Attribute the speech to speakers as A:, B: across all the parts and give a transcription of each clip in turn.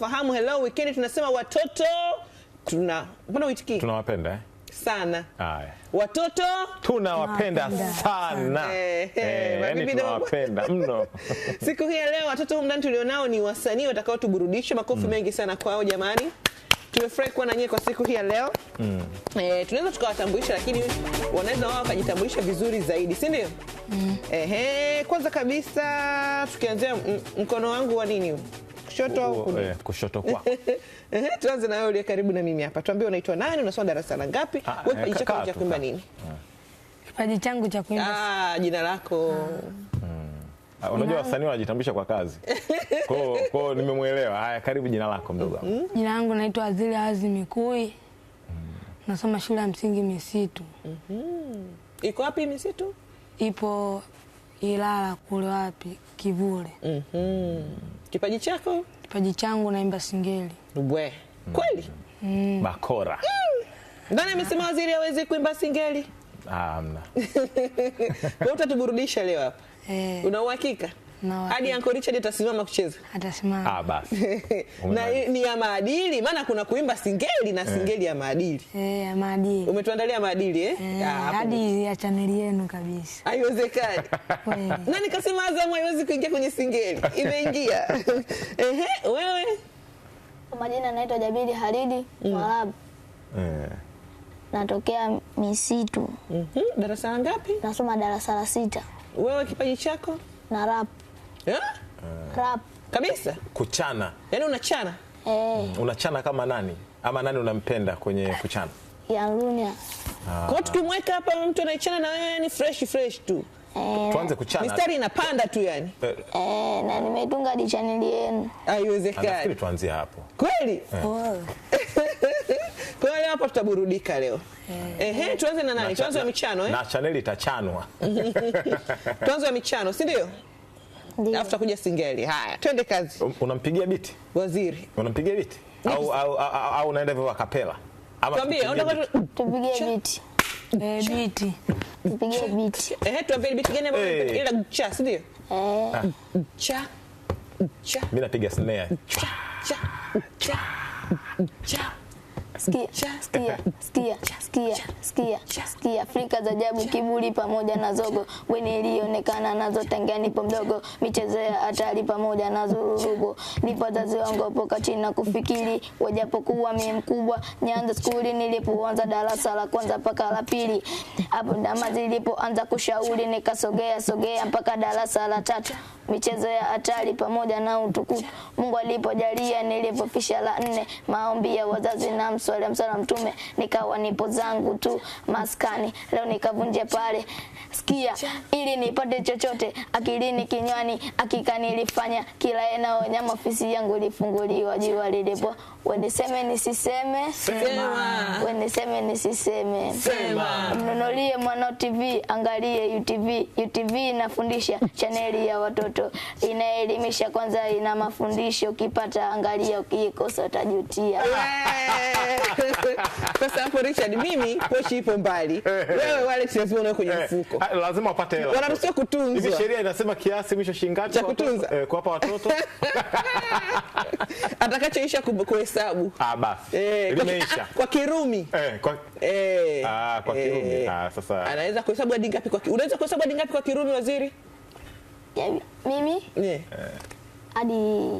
A: tunawafahamu. Hello weekend, tunasema watoto tuna mbona uitiki, tunawapenda eh? sana Aya. Watoto
B: tunawapenda sana
A: eh, eh,
B: eh tunawapenda mno.
A: Siku hii ya leo watoto humu ndani tulionao ni wasanii watakaotuburudisha. Makofi mm. mengi sana kwao jamani. Tumefurahi kuwa na nyie kwa siku hii ya leo mm. Eh, tunaweza tukawatambulisha, lakini wanaweza wao wakajitambulisha vizuri zaidi, si ndio? mm. Eh, kwanza kabisa tukianzia mkono wangu wa nini kushoto au kulia? Eh,
B: kushoto kwa.
A: Eh, tuanze na wewe karibu na mimi hapa. Tuambie unaitwa nani, unasoma darasa la ngapi? Ah, wewe eh, kipaji chako cha kuimba nini? Ah.
C: Kipaji changu cha
A: kuimba. Ah, jina lako. Hmm.
B: Ah, unajua wasanii wanajitambulisha kwa kazi. Kwa hiyo nimemuelewa. Haya, karibu jina lako mdogo wangu.
C: Mm-hmm. Jina langu naitwa Azili Azimi Kui. Hmm. Nasoma shule ya msingi Misitu. Mm-hmm.
A: Iko wapi Misitu?
C: Ipo Ilala kule wapi Kivule. Mhm.
A: Kipaji chako?
C: Kipaji changu naimba singeli.
A: Bwe. Kweli?
B: Mm. Bakora.
A: Mm. amesema waziri hawezi kuimba singeli? Hamna. Wewe utatuburudisha leo hapa. Eh. Una uhakika? hadi Uncle Richard atasimama kucheza,
C: atasimama.
B: Ah, basi
A: na ni ya maadili, maana kuna kuimba singeli na eh. singeli ya maadili
C: eh, ya maadili.
A: Umetuandalia maadili eh,
C: eh ah, hadi ya chaneli yenu kabisa.
A: Haiwezekani na nikasema Azam haiwezi kuingia kwenye singeli, imeingia ehe. Wewe
C: kwa majina jabili Jabiri Haridi Mwarabu mm. eh natokea misitu.
A: mm -hmm. Darasa ngapi?
C: Nasoma darasa la sita.
A: Wewe kipaji chako? Na rap yeah? Kabisa. Kuchana. Yaani unachana?
C: Eh. Mm.
B: unachana kama nani? Ama nani unampenda kwenye kuchana?
C: Ya Lunia.
A: Ah. Kwa tukimweka hapa mtu anaichana na wewe yani fresh fresh tu.
C: Eh.
B: Tuanze kuchana.
A: Mistari inapanda tu yani. Eh.
C: eh, na nimetunga di channel yenu.
A: Haiwezekani. Nafikiri
B: tuanzie hapo.
A: Kweli?
C: Eh. Oh. Kwa
A: Wow. Kwa leo hapa tutaburudika leo. Eh. Ehe, tuanze na nani? Tuanze na michano
B: eh. Na channel itachanwa.
A: tuanze na michano, si ndio? alafu takuja singeli. Haya, twende kazi.
B: Um, unampigia biti waziri, unampigia biti au au au unaenda hivyo akapela ama tupigie biti? Eh, biti tupigie biti. Eh, tuambie biti gani ambayo eh. ile cha, si ndio? Eh, ah. cha cha. Mimi napiga snare cha cha cha cha skia Afrika za jabu, kiburi pamoja na zogo, weni ilionekana nazo tangia nipo mdogo, michezo ya hatari pamoja na zururubo, nipo zazi wangu wapo kachina kufikiri, wajapokuwa mi mkubwa. Nyanza skuli nilipoanza darasa la kwanza mpaka la pili, hapo ndama zilipoanza kushauri nikasogea sogea mpaka darasa la tatu michezo ya hatari pamoja na utukufu. Mungu alipojalia nilipofisha la nne, maombi ya wazazi na mswali msala mtume, nikawa nipo zangu tu maskani. Leo nikavunje pale sikia, ili nipate chochote akilini, kinywani, akika nilifanya kila eneo nyama, ofisi yangu ilifunguliwa, jua lilipo, weniseme nisiseme, sema niseme nisiseme, sema. Mnunulie mwanao TV, angalie UTV. UTV inafundisha, chaneli ya watoto inaelimisha, kwanza ina mafundisho. Ukipata angalia, ukikosa utajutia. Sasa hapo Richard, mimi pochi ipo mbali, wewe wale lazima unayo kwenye mfuko, ah, lazima upate hela, wanaruhusiwa kutunzwa. Hivi sheria inasema kiasi mwisho shingapi cha kutunza eh, kuwapa watoto atakachoisha kuhesabu. Ah, basi eh, limeisha kwa Kirumi eh, kwa... Kirumi eh, ah, eh. Ah, anaweza kuhesabu hadi ngapi kwa unaweza kuhesabu hadi ngapi kwa Kirumi waziri? Mimi eh. eh. hadi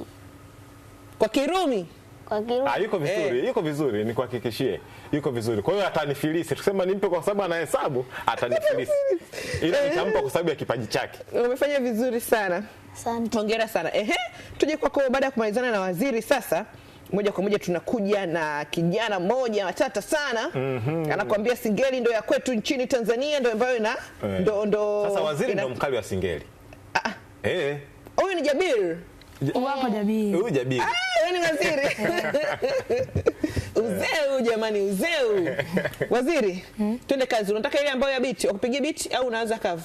B: kwa Kirumi kwa Kirumi. Ah, yuko vizuri, eh. yuko vizuri, nikuhakikishie yuko vizuri. Kwa hiyo atanifilisi, tukisema nimpe kwa sababu anahesabu, atanifilisi ila nitampa kwa sababu ya kipaji chake. Umefanya vizuri sana, asante, hongera sana. Ehe, tuje kwako baada ya kumalizana na waziri sasa moja kwa moja tunakuja na kijana mmoja matata sana mm -hmm. Anakuambia singeli ndo ya kwetu nchini Tanzania ndo ambayo na eh. ndo, ndo, sasa waziri ina... ndo mkali wa singeli ah. ah. eh. Huyu ni Jabir hapa jabir Huyu jabir Ah, yani waziri. Eh. uzeu jamani, uzeu. Waziri, hmm? twende kazi. Unataka ile ambayo ya biti, wakupigia biti au unaanza kavu?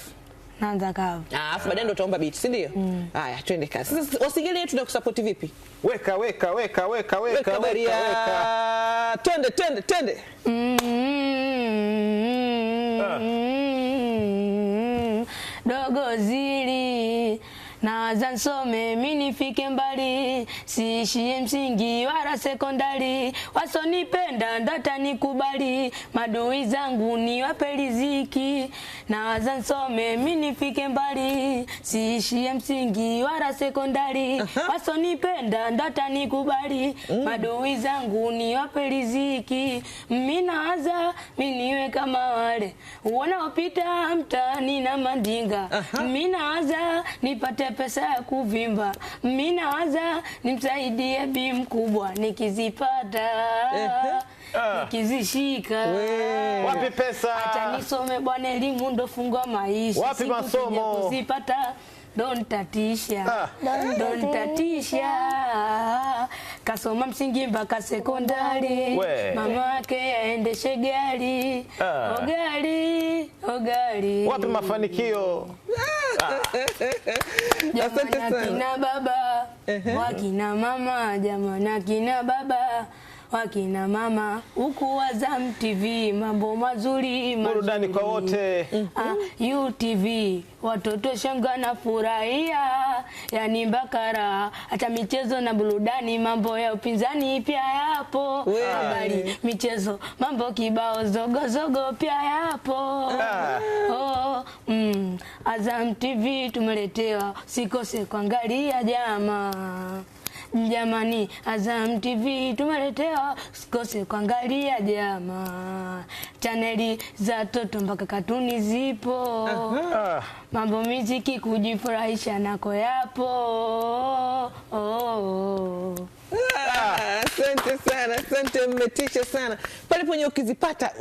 B: naanza kavu. Ah, afu baadaye ndo utaomba beat, si ndio? Mm. Haya, twende kazi. Sasa Wasigeli yetu tunakusapoti vipi? Weka weka weka weka weka weka weka. Twende twende twende. Mm. Dogo zili na nsome mi nifike mbali, siishie msingi wala sekondari, wasonipenda ndatanikubali, madui zangu niwape riziki. Na zansome mi nifike mbali, siishie msingi wala sekondari, wasonipenda ndatanikubali, madui mm. zangu niwape riziki. Mi nawaza mi niwe kama wale wanaopita mtaani na mandinga, mi nawaza nipate pesa ya kuvimba, mimi nawaza nimsaidie bi mkubwa nikizipata ah. nikizishika. Wapi pesa? Acha nisome bwana, elimu ndo fungwa maisha. Wapi masomo? Kuzipata Don tatisha, ah. don tatisha, kasoma msingi mpaka sekondari, mama yake aendeshe gari, ah. ogari, ogari. Wapi mafanikio? Jamana kina baba, wakina mama, jamana kina baba wakina mama huku Azam TV mambo mazuri burudani kwa wote ah, UTV watoto shanga na furahia yani mbakara hata michezo na burudani mambo ya upinzani pia yapo habari michezo mambo kibao zogo zogo pia yapo ah. oh, mm, Azam TV tumeletewa sikose kuangalia jama Jamani, Azam TV tumeletewa, sikose kuangalia jama chaneli za toto mpaka katuni zipo. Mambo miziki kujifurahisha nako yapo. Oh, oh. Asante ah, sana, asante, mmetisha sana pale penye. Ukizipata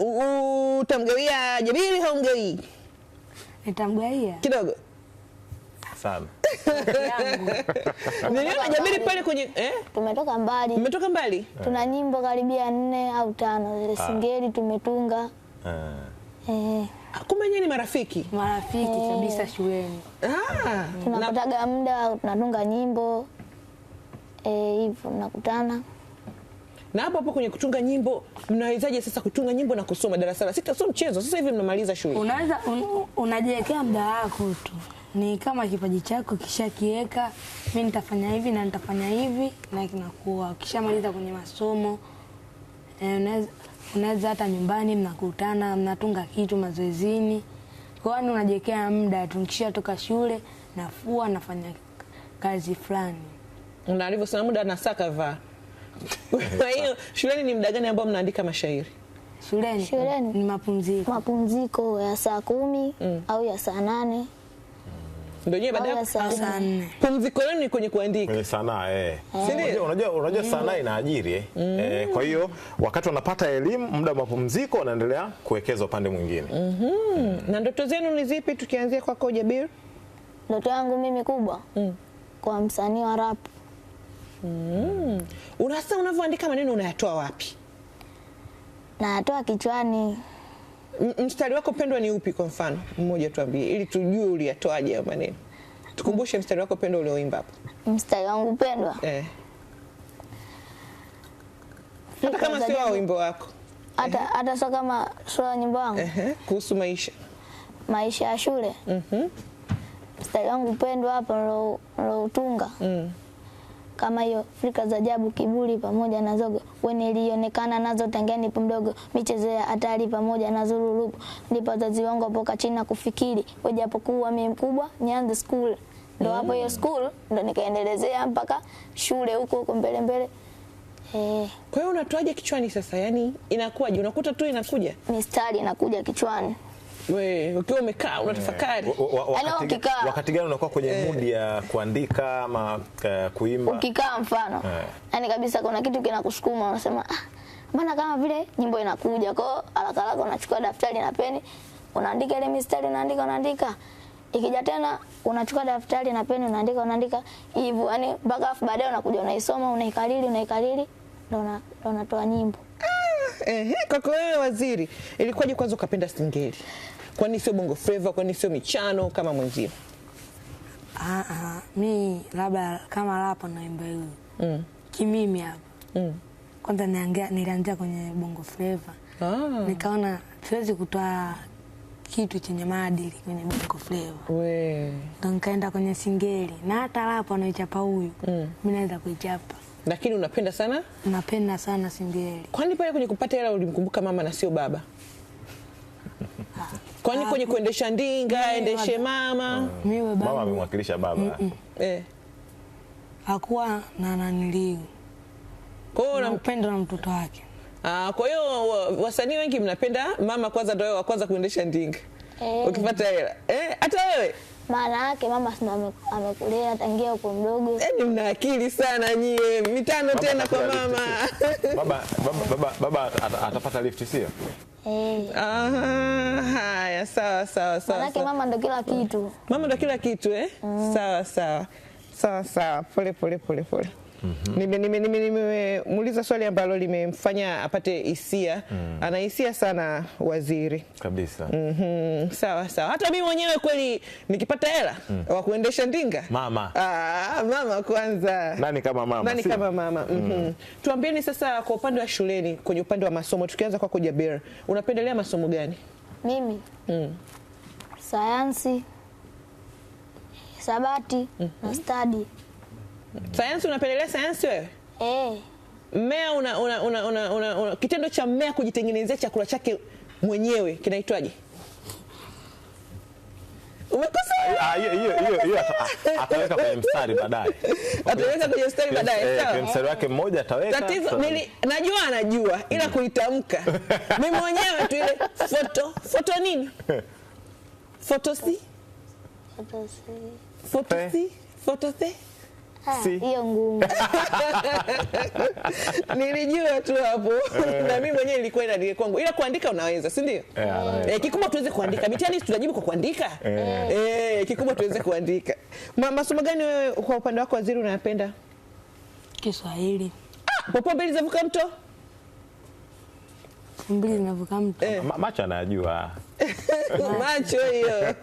B: utamgawia Jabiri au mgawii? Nitamgawia kidogo sana niliona Jamili pale kwenye eh? Tumetoka mbali, Tumetoka mbali, tuna eh. nyimbo karibia nne au tano zile ah. singeli tumetunga eh. Eh. Ah, kumbe nyinyi ni marafiki marafiki eh. kabisa shuleni. Ah, tunapataga muda tunatunga nyimbo Eh, hivyo, tunakutana na hapo hapo kwenye kutunga nyimbo, mnawezaje sasa kutunga nyimbo na kusoma darasa la sita? Sio mchezo. Sasa hivi mnamaliza shule, unaweza un, unajiwekea muda wako tu ni kama kipaji chako kishakiweka, mi nitafanya hivi na nitafanya hivi na kinakuwa. Ukishamaliza kwenye masomo e, unaweza hata nyumbani mnakutana mnatunga kitu mazoezini, kwani unajekea muda tu. toka shule nafua nafanya kazi fulani, na alivyosema muda nasakava. Kwa hiyo shuleni ni muda gani ambao mnaandika mashairi? Shuleni, shuleni. Ni mapumziko, mapumziko ya saa kumi mm. au ya saa nane ndio yenyewe baada ya Pumziko lenu ni kwenye kuandika. Kwenye sanaa eh. eh. ndio? unajua unajua mm. sanaa inaajiri eh. Mm. Eh, kwa hiyo wakati wanapata elimu muda wa mapumziko wanaendelea kuwekeza upande mwingine. Mhm. Mm. Na ndoto zenu ni zipi tukianzia kwako Jabir? Ndoto yangu mimi kubwa. Mm. Kwa msanii wa rap. Mm. Unasa unavyoandika maneno unayatoa wapi? Nayatoa kichwani mstari wako pendwa ni upi? Kwa mfano mmoja tuambie, ili tujue uliyatoaje hayo maneno. Tukumbushe mstari wako pendwa ulioimba hapo. Mstari wangu pendwa eh, hata kama sio wa wimbo wako, hata eh. hata sio kama sio nyimbo wangu, eh, eh, kuhusu maisha, maisha ya shule. Mhm, mstari wangu pendwa hapo utunga mm kama hiyo Afrika za Ajabu, Kiburi pamoja na Zogo, wewe ilionekana nazo tangia nipo mdogo, Michezo ya Hatari pamoja na Zururubu, ndipo wazazi wangu hapo kachina kufikiri, wajapokuwa mimi mkubwa nianze school. Ndo hapo hiyo school ndo nikaendelezea mpaka shule huko huko mbele mbele. Eh. Kwa hiyo unatoaje kichwani sasa? Yaani inakuwaje? Unakuta tu inakuja? Mistari inakuja kichwani ukiwa umekaa eh, unatafakari. Wakati gani unakuwa kwenye e, eh. mudi ya kuandika ama uh, kuimba? Ukikaa mfano yaani e, kabisa kuna kitu kinakusukuma unasema ah, mbona kama vile nyimbo inakuja kwao, haraka haraka unachukua daftari na peni unaandika ile mistari, unaandika unaandika ikija tena unachukua daftari na peni unaandika unaandika hivyo, yani mpaka afu baadaye unakuja unaisoma unaikariri unaikariri, ndo unatoa nyimbo eh, kaka wewe waziri, ilikuwaje kwanza ukapenda Singeli? Kwani sio Bongo Flava? Kwani sio michano kama mwenzio? Ah, ah, mi labda kama lapo naimba hiyo mm. kimimi hapa mm. Kwanza nilianzia kwenye Bongo Flava ah. Nikaona siwezi kutoa kitu chenye maadili kwenye Bongo Flava. We. Ndo nikaenda kwenye Singeli na hata lapo anaichapa huyu mm. Mi naweza kuichapa lakini unapenda sana? Napenda sana Simbieli. Kwani pale kwenye kupata hela ulimkumbuka mama na sio baba? Ah. Kwani ah, kwenye kuendesha ndinga endeshe mama? Mm, mimi baba. Mama amemwakilisha baba. Mm, mm. Eh. Hakuwa na naniliu. Kwa hiyo unampenda na mtoto wake. Ah, kwa hiyo wasanii wengi mnapenda mama kwanza ndio wa kwanza kuendesha ndinga. Eh. Ukipata hela. Eh, hata wewe? maana yake mama sina amekulea tangia uko mdogo. Yaani mna akili sana nyie, mitano baba tena kwa mama baba, baba, baba atapata lift sio? Hey. Eh. haya sawa sawa sawa. yake mama ndo kila kitu, mama ndo kila kitu eh? Mm. Sawa sawa sawa sawa, pole pole pole pole. Mhm. Nimemuuliza swali ambalo limemfanya apate hisia, mm. ana hisia sana waziri kabisa. Mhm. Sawa sawa, hata mimi mwenyewe kweli nikipata hela mm. wa kuendesha ndinga mama, ah, mama kwanza, nani kama mama, nani kama mama. Mm. Mhm. Tuambieni sasa, kwa upande wa shuleni, kwenye upande wa masomo, tukianza kwako Jabir, unapendelea masomo gani? Mimi sayansi, hisabati na stadi Sayansi unapendelea sayansi wewe? Eh. Mmea una, una, una, una, una, una kitendo cha mmea kujitengenezea chakula chake mwenyewe kinaitwaje? Umekosa ah, ah, hiyo hiyo hiyo, ah, ataweka kwenye mstari baadaye, ataweka kwenye mstari baadaye, eh, sawa. Kwenye mstari wake mmoja ataweka. Tatizo nili najua anajua, ila kuitamka mimi mwenyewe tu ile foto foto nini foto si foto si eh hiyo ngumu nilijua tu hapo eh. na mimi mwenyewe ilikuwa inadili kwangu, ila kuandika unaweza, si ndio? Yeah, mm. eh, kikubwa tuweze kuandika mitihani, tunajibu kwa kuandika yeah. Eh, kikubwa tuweze kuandika. Ma, masomo gani wewe kwa upande wako waziri unayapenda? Kiswahili. Ah, popo mbili zavuka mto elfu mbili eh. mtu eh. Ma macho anajua macho hiyo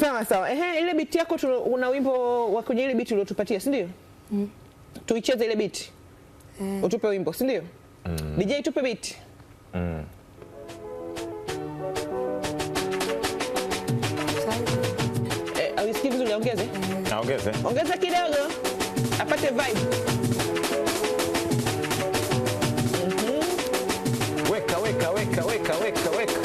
B: sawa sawa. Ehe, ile biti yako una wimbo wa kwenye ile biti uliotupatia, si ndio? mm. tuicheze ile biti eh. utupe wimbo, si ndio? mm. DJ tupe biti mm. Eh, ongeze ongeze ongeza kidogo apate vibe weka, weka, weka, weka,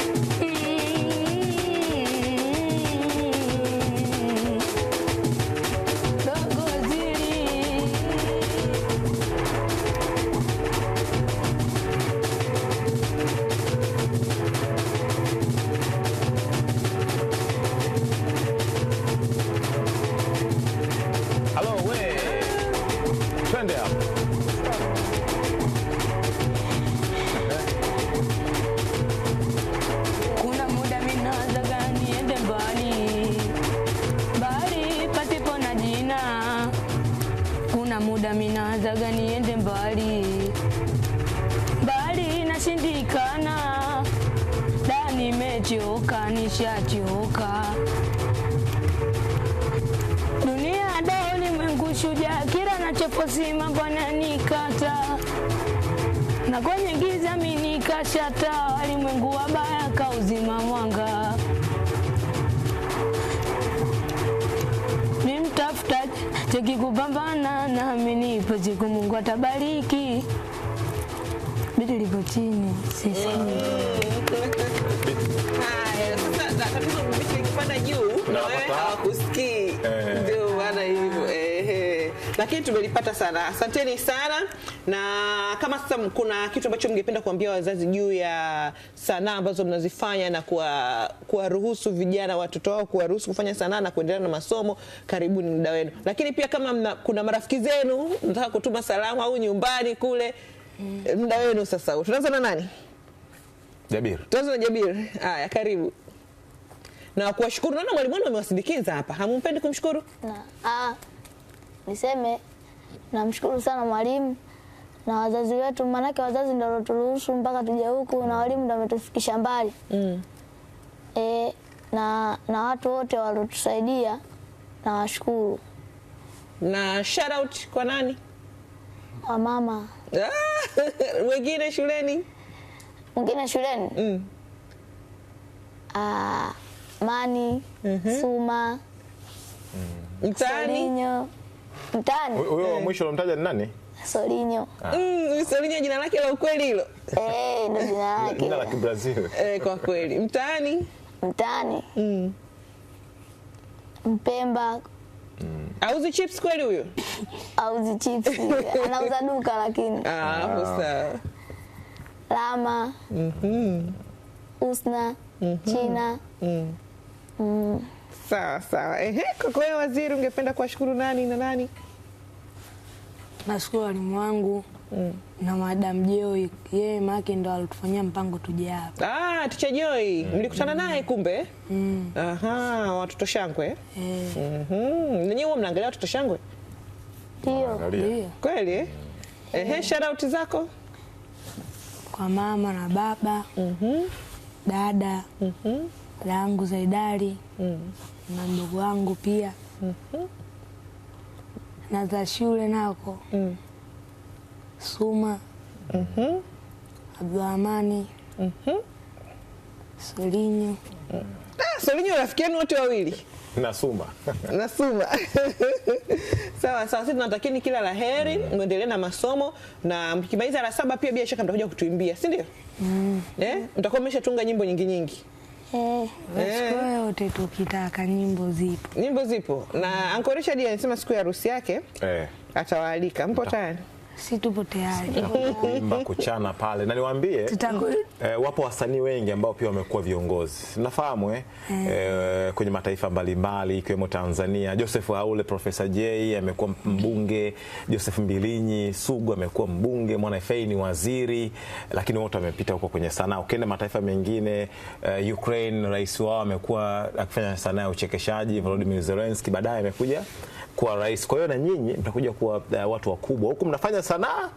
B: mbali mbali, nashindikana da, nimechoka, nishachoka dunia da, ulimwengu shuja kila nachopozima Bwana nikata na kwenye giza minikashata, walimwengu wabaya kauzima mwanga nimtafuta cheki kupambana nami nipo, cheki Mungu atabariki. Bidi lipo chini sisi. Haya, sasa tatizo juu na wewe eh, hawakusikii, eh. ndio maana hivyo. Lakini tumelipata sana, asanteni sana. Na kama sasa kuna kitu ambacho mngependa kuambia wazazi juu ya sanaa ambazo mnazifanya na kuwaruhusu vijana watoto wao kuwaruhusu kufanya sanaa na kuendelea na masomo, karibuni muda wenu. Lakini pia kama mna, kuna marafiki zenu nataka kutuma salamu au nyumbani kule, mm. muda wenu sasa. Tunaanza na nani? Jabir. tunaanza na Jabir. Haya, karibu na kuwashukuru. Naona mwalimu wenu amewasindikiza hapa, hamumpendi kumshukuru? Na, aa, ah, niseme namshukuru sana mwalimu na wazazi wetu, maanake wazazi ndio waloturuhusu mpaka tuje huku na walimu ndio wametufikisha mbali mm. E, na, na watu wote walotusaidia na washukuru. Na shout out kwa nani? Kwa mama ah, wengine shuleni, wengine shuleni mm. Ah, Mani mm -hmm. Suma mm. Mtani mtani, huyo eh. mwisho unamtaja ni nani? Solinho. Ah. Mm, Solinho jina lake la ukweli hilo? Eh, ndio jina lake. Jina la Kibrazil. Eh, kwa kweli. Mtaani? Mtaani. Mm. Mpemba. Mm. Auzi chips kweli huyo? Auzi chips. Anauza duka lakini. Ah, wow. Ah. sawa. Lama. Mhm. Mm Usna. Mm -hmm. China. Mm. Mm. Sawa sawa. Ehe, kwa kweli waziri ungependa kuwashukuru nani na nani? nashukuru walimu wangu mm. na madam Joy, yeye make ndo alitufanyia mpango tuje hapa. Ah, ticha Joy mm. mlikutana naye kumbe? mm. Aha, watoto shangwe eh? mm -hmm. Ninyi huwa mnaangalia watoto shangwe ndio? Kweli eh? mm. Ehe, shout zako kwa mama na baba mm -hmm. dada mm -hmm. langu Zaidari mm. na mdogo wangu pia mm -hmm na za shule nako mm. Suma mm -hmm. Abdurahmani mm -hmm. Solinyo mm. Ah, Solinyo rafiki yenu wote wawili Nasuma Suma sawa sawa, sisi tunatakieni kila la heri mm. Mwendelee na masomo na mkimaliza la saba pia bila shaka mtakuja kutuimbia, si ndio? mm. Eh, mtakuwa mmeshatunga nyimbo nyingi nyingi Eh, eh. Yote tukitaka nyimbo zipo, nyimbo zipo na Anko Richard anasema siku ya harusi yake eh, atawaalika. Mpo tayari? si tupo tayari kuimba kuchana pale, na niwaambie eh, wapo wasanii wengi ambao pia wamekuwa viongozi nafahamu eh, eh, eh kwenye mataifa mbalimbali ikiwemo Tanzania. Joseph Haule, Profesa J amekuwa mbunge, Joseph Mbilinyi Sugu amekuwa mbunge, Mwana FA ni waziri, lakini wote wamepita huko kwenye sanaa. Ukienda mataifa mengine eh, Ukraine, rais wao amekuwa akifanya sanaa ya uchekeshaji, Volodymyr Zelensky, baadaye amekuja kuwa rais. Kwa hiyo na nyinyi mtakuja kuwa uh, watu wakubwa, huku mnafanya sanaa,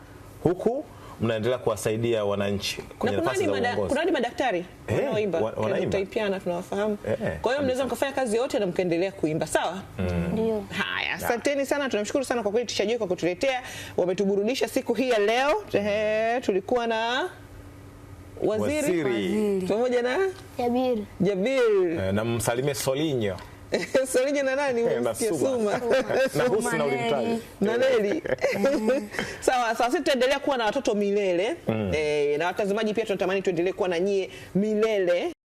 B: huku mnaendelea kuwasaidia wananchi kwenye nafasi za uongozi. Kuna hadi madaktari hey, eh, wanaoimba wanaimba, tutaipiana tunawafahamu. Hey, eh, kwa hiyo mnaweza mkafanya kazi yote na mkaendelea kuimba, sawa? Mm. Ndio. Mm. Haya, asanteni sana, tunamshukuru sana kwa kweli Tisha Joy kwa kutuletea, wametuburudisha siku hii ya leo. Ehe, tulikuwa na waziri pamoja na Jabir Jabir, na msalimie Solinyo Sarija na nani eh, Suma na Neli. Mm. Sawa, sasa tutaendelea kuwa na watoto milele mm. E, na watazamaji pia tunatamani tuendelee kuwa na nyie milele.